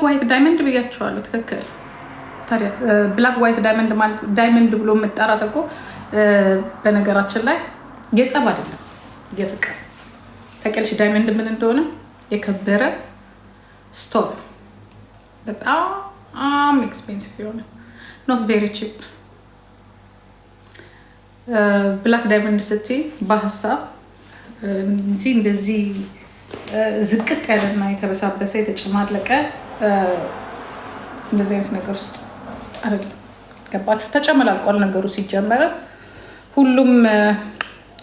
ብላክ ዋይት ዳይመንድ ብያቸዋለሁ። ትክክል። ታዲያ ብላክ ዋይት ዳይመንድ ማለት ዳይመንድ ብሎ የምጠራት እኮ በነገራችን ላይ የጸብ አይደለም የፍቅር ተቀልሽ። ዳይመንድ ምን እንደሆነ የከበረ ስቶን፣ በጣም ኤክስፔንሲቭ የሆነ ኖት ቬሪ ቺፕ ብላክ ዳይመንድ ስቲ በሀሳብ እንጂ እንደዚህ ዝቅጥ ያለና የተበሳበሰ የተጨማለቀ እንደዚህ አይነት ነገር ውስጥ አይደለም። ገባችሁ? ተጨመላልቋል ነገሩ ሲጀመረ ሁሉም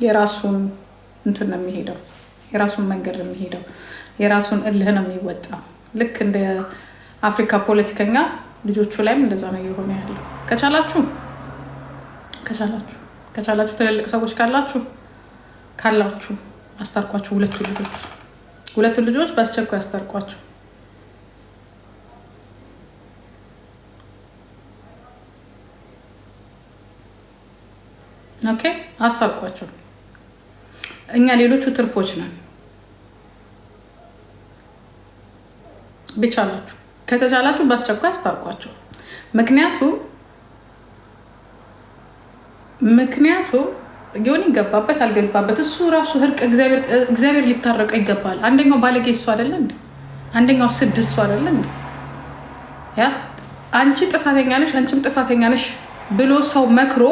የራሱን እንትን ነው የሚሄደው፣ የራሱን መንገድ ነው የሚሄደው፣ የራሱን እልህ ነው የሚወጣው። ልክ እንደ አፍሪካ ፖለቲከኛ ልጆቹ ላይም እንደዛ ነው እየሆነ ያለው። ከቻላችሁ ከቻላችሁ ከቻላችሁ ትልልቅ ሰዎች ካላችሁ ካላችሁ አስታርቋችሁ፣ ሁለቱ ልጆች ሁለቱ ልጆች በአስቸኳይ አስታርኳችሁ። ኦኬ አስታውቋቸው። እኛ ሌሎቹ ትርፎች ነን። ቢቻላችሁ ከተቻላችሁ በአስቸኳይ አስታውቋቸው። ምክንያቱ ምክንያቱ ሊሆን ይገባበት አልገባበት እሱ ራሱ እርቅ እግዚአብሔር ሊታረቀው ይገባል። አንደኛው ባለጌ እሱ አይደለ እንዴ? አንደኛው ስድ እሱ አይደለ እንዴ? ያ አንቺ ጥፋተኛ ነሽ፣ አንቺም ጥፋተኛ ነሽ ብሎ ሰው መክሮ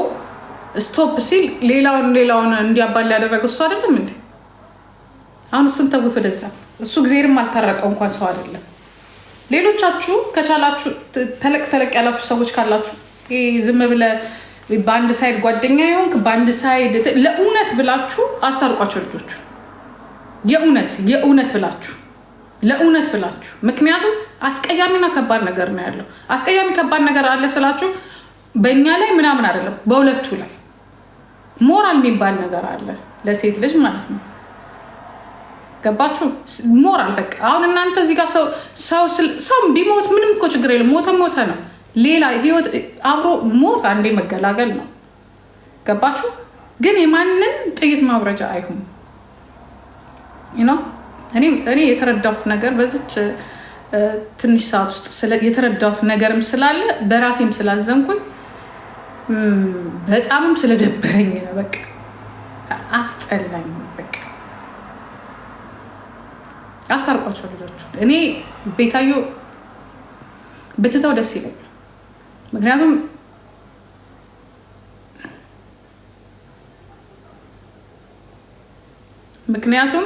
ስቶፕ ሲል ሌላውን ሌላውን እንዲያባል ያደረገው እሱ አይደለም እንዴ? አሁን እሱን ተውት ወደዛ። እሱ እግዜርም አልታረቀው እንኳን ሰው አይደለም። ሌሎቻችሁ ከቻላችሁ ተለቅ ተለቅ ያላችሁ ሰዎች ካላችሁ ዝም ብለ በአንድ ሳይድ ጓደኛ የሆንክ በአንድ ሳይድ ለእውነት ብላችሁ አስታርቋቸው ልጆቹ። የእውነት የእውነት ብላችሁ ለእውነት ብላችሁ ምክንያቱም አስቀያሚና ከባድ ነገር ነው ያለው። አስቀያሚ ከባድ ነገር አለ ስላችሁ በእኛ ላይ ምናምን አይደለም በሁለቱ ላይ ሞራል የሚባል ነገር አለ ለሴት ልጅ ማለት ነው። ገባችሁ? ሞራል በቃ አሁን እናንተ እዚህ ጋር ሰው ቢሞት ምንም እኮ ችግር የለም። ሞተ ሞተ ነው። ሌላ ህይወት አብሮ ሞት አንዴ መገላገል ነው። ገባችሁ? ግን የማንም ጥይት ማብረጃ አይሁን እኔ የተረዳሁት ነገር በዚች ትንሽ ሰዓት ውስጥ የተረዳሁት ነገርም ስላለ በራሴም ስላዘንኩኝ በጣምም ስለደበረኝ ነው። በቃ አስጠላኝ። በቃ አስታርቋቸው ልጆቹ። እኔ ቤታዮ ብትተው ደስ ይለኛል። ምክንያቱም ምክንያቱም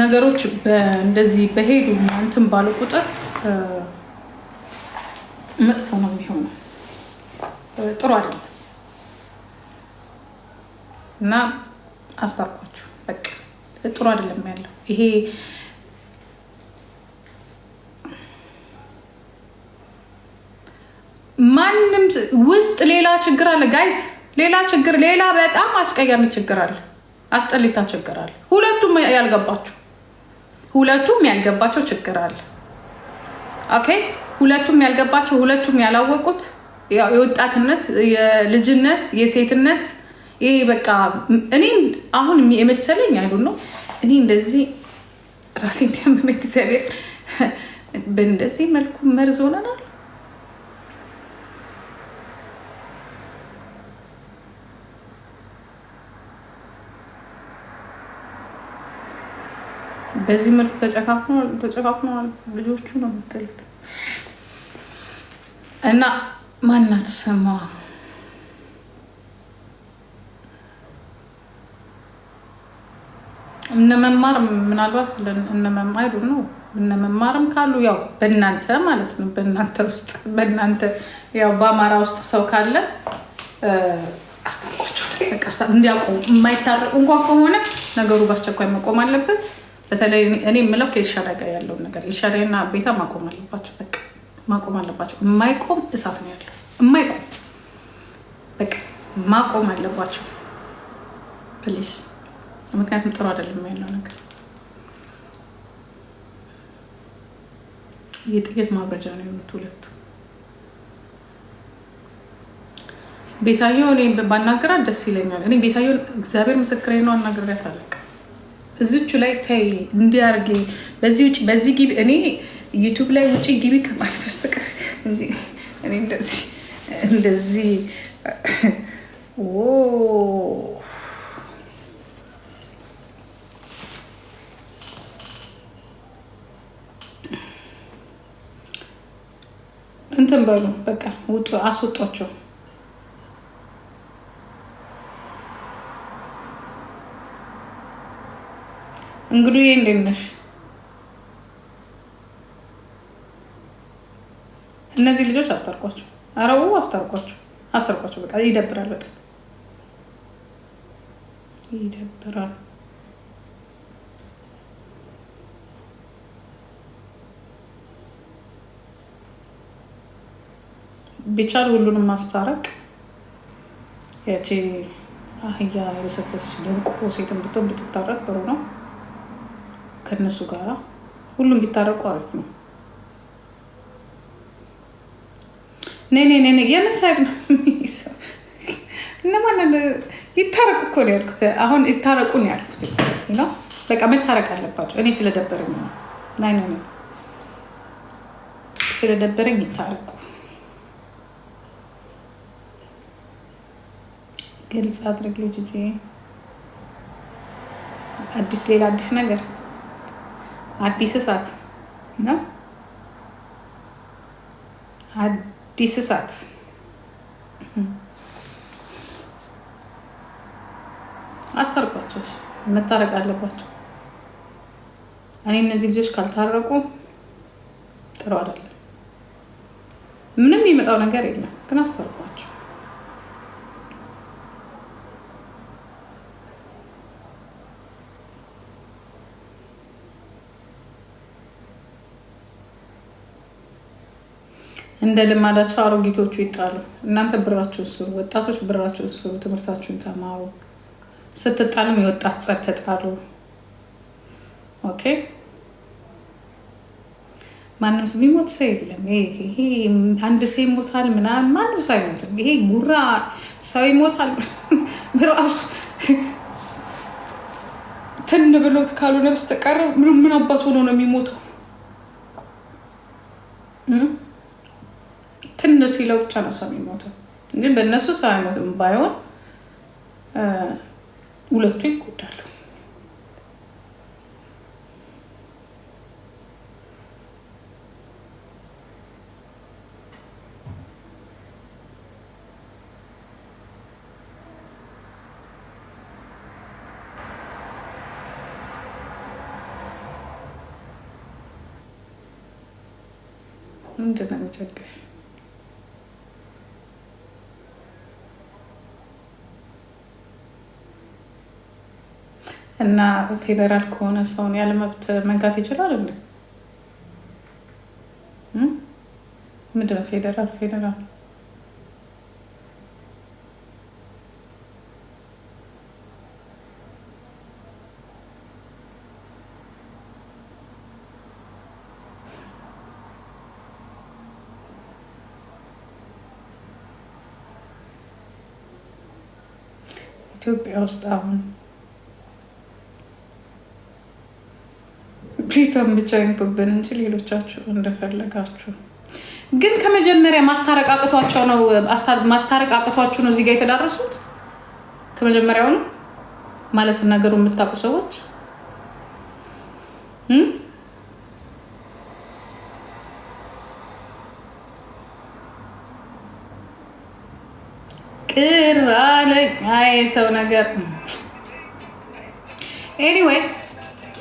ነገሮች እንደዚህ በሄዱ እንትን ባለ ቁጥር መጥፎ ነው የሚሆነው፣ ጥሩ አይደለም እና አስታርቋችሁ በቃ ጥሩ አይደለም ያለው ይሄ ማንም ውስጥ ሌላ ችግር አለ ጋይስ፣ ሌላ ችግር፣ ሌላ በጣም አስቀያሚ ችግር አለ፣ አስጠሊታ ችግር አለ። ሁለቱም ያልገባቸው ሁለቱም ያልገባቸው ችግር አለ። ኦኬ ሁለቱም ያልገባቸው ሁለቱም ያላወቁት የወጣትነት የልጅነት የሴትነት ይሄ በቃ እኔ አሁን የመሰለኝ አይሉ ነው። እኔ እንደዚህ ራሴ ያመመ እግዚአብሔር በእንደዚህ መልኩ መርዝ ሆነናል። በዚህ መልኩ ተጨካክነዋል። ልጆቹ ነው የምትሉት እና ማናት ስሟ እነመማር ምናልባት እነመማይዱ ነው። እነመማርም ካሉ ያው በእናንተ ማለት ነው። በእናንተ ውስጥ በእናንተ ያው በአማራ ውስጥ ሰው ካለ አስታርቋቸው እንዲያውቁ የማይታረቁ እንኳን ከሆነ ነገሩ በአስቸኳይ መቆም አለበት። በተለይ እኔ የምለው ከኤልሻዳይ ጋር ያለውን ነገር ኤልሻዳይና ቤታ ማቆም አለባቸው በቃ ማቆም አለባቸው። የማይቆም እሳት ነው ያለው። የማይቆም በቃ ማቆም አለባቸው ፕሊስ። ምክንያቱም ጥሩ አይደለም ያለው ነገር። የጥይት ማብረጃ ነው የሆኑት ሁለቱ። ቤታየው እኔ ባናገራት ደስ ይለኛል። እኔ ቤታየውን እግዚአብሔር ምስክሬ ነው አናግሬያት አለቅ እዚቹ ላይ ተይ እንዲያርጌ በዚህ ውጭ በዚህ ግቢ እኔ ዩቱብ ላይ ውጭ ግቢ ከማለት በስተቀር እንደዚህ እንደዚህ እንትን በሉ በቃ ውጡ፣ አስወጧቸው። እንግዲህ ይሄ እንዴት ነሽ? እነዚህ ልጆች አስታርቋቸው፣ አረቡ አስታርቋቸው፣ አስታርቋቸው። በቃ ይደብራል፣ በጣም ይደብራል። ቢቻል ሁሉንም ማስታረቅ ያቺ አህያ የበሰበሰች ደንቆ ሴትን ብትሆን ብትታረቅ ጥሩ ነው። ከነሱ ጋራ ሁሉም ቢታረቁ አሪፍ ነው። ኔኔኔ የመሳቅ ነው የሚይዘው። እነማን ይታረቁ እኮ ነው ያልኩት። አሁን ይታረቁ ነው ያልኩት። በቃ መታረቅ አለባቸው። እኔ ስለደበረኝ ነው ስለደበረኝ ይታረቁ። ግልጽ አድርግ ልጅ። አዲስ ሌላ አዲስ ነገር አዲስ እሳት ነው። ዲስሳት mhm. አስታርቋቸው፣ መታረቅ አለባቸው። እኔ እነዚህ ልጆች ካልታረቁ ጥሩ አይደለም። ምንም የመጣው ነገር የለም፣ ግን አስታርቋ እንደ ልማዳቸው አሮጊቶቹ ይጣሉ። እናንተ ብራችሁን ስሩ፣ ወጣቶች ብራችሁን ስሩ፣ ትምህርታችሁን ተማሩ። ስትጣሉም የወጣት ጸብ ተጣሉ። ኦኬ ማንም የሚሞት ሰው የለም። ይሄ አንድ ሰው ይሞታል ምናምን ማንም ሰው አይሞትም። ይሄ ጉራ ሰው ይሞታል በራሱ ትን ብሎት ካልሆነ በስተቀር ምን አባት ሆኖ ነው የሚሞተው? ሲለው ብቻ ነው ሰው የሚሞተው ግን በእነሱ ሰው አይሞትም። ባይሆን ሁለቱ ይጎዳሉ። ምንድን ነው የሚቸግሽ? እና ፌዴራል ከሆነ ሰውን ያለመብት መብት መንካት ይችላል እንዴ? ምንድነው ፌዴራል ፌዴራል ኢትዮጵያ ውስጥ አሁን ጌታን ብቻ ይምጡብን እንጂ ሌሎቻችሁ እንደፈለጋችሁ። ግን ከመጀመሪያ ማስታረቅ አቅቷቸው ነው ማስታረቅ አቅቷችሁ ነው እዚጋ የተዳረሱት። ከመጀመሪያ ማለት ነገሩ የምታውቁ ሰዎች ቅር አለኝ። አይ ሰው ነገር ኤኒዌይ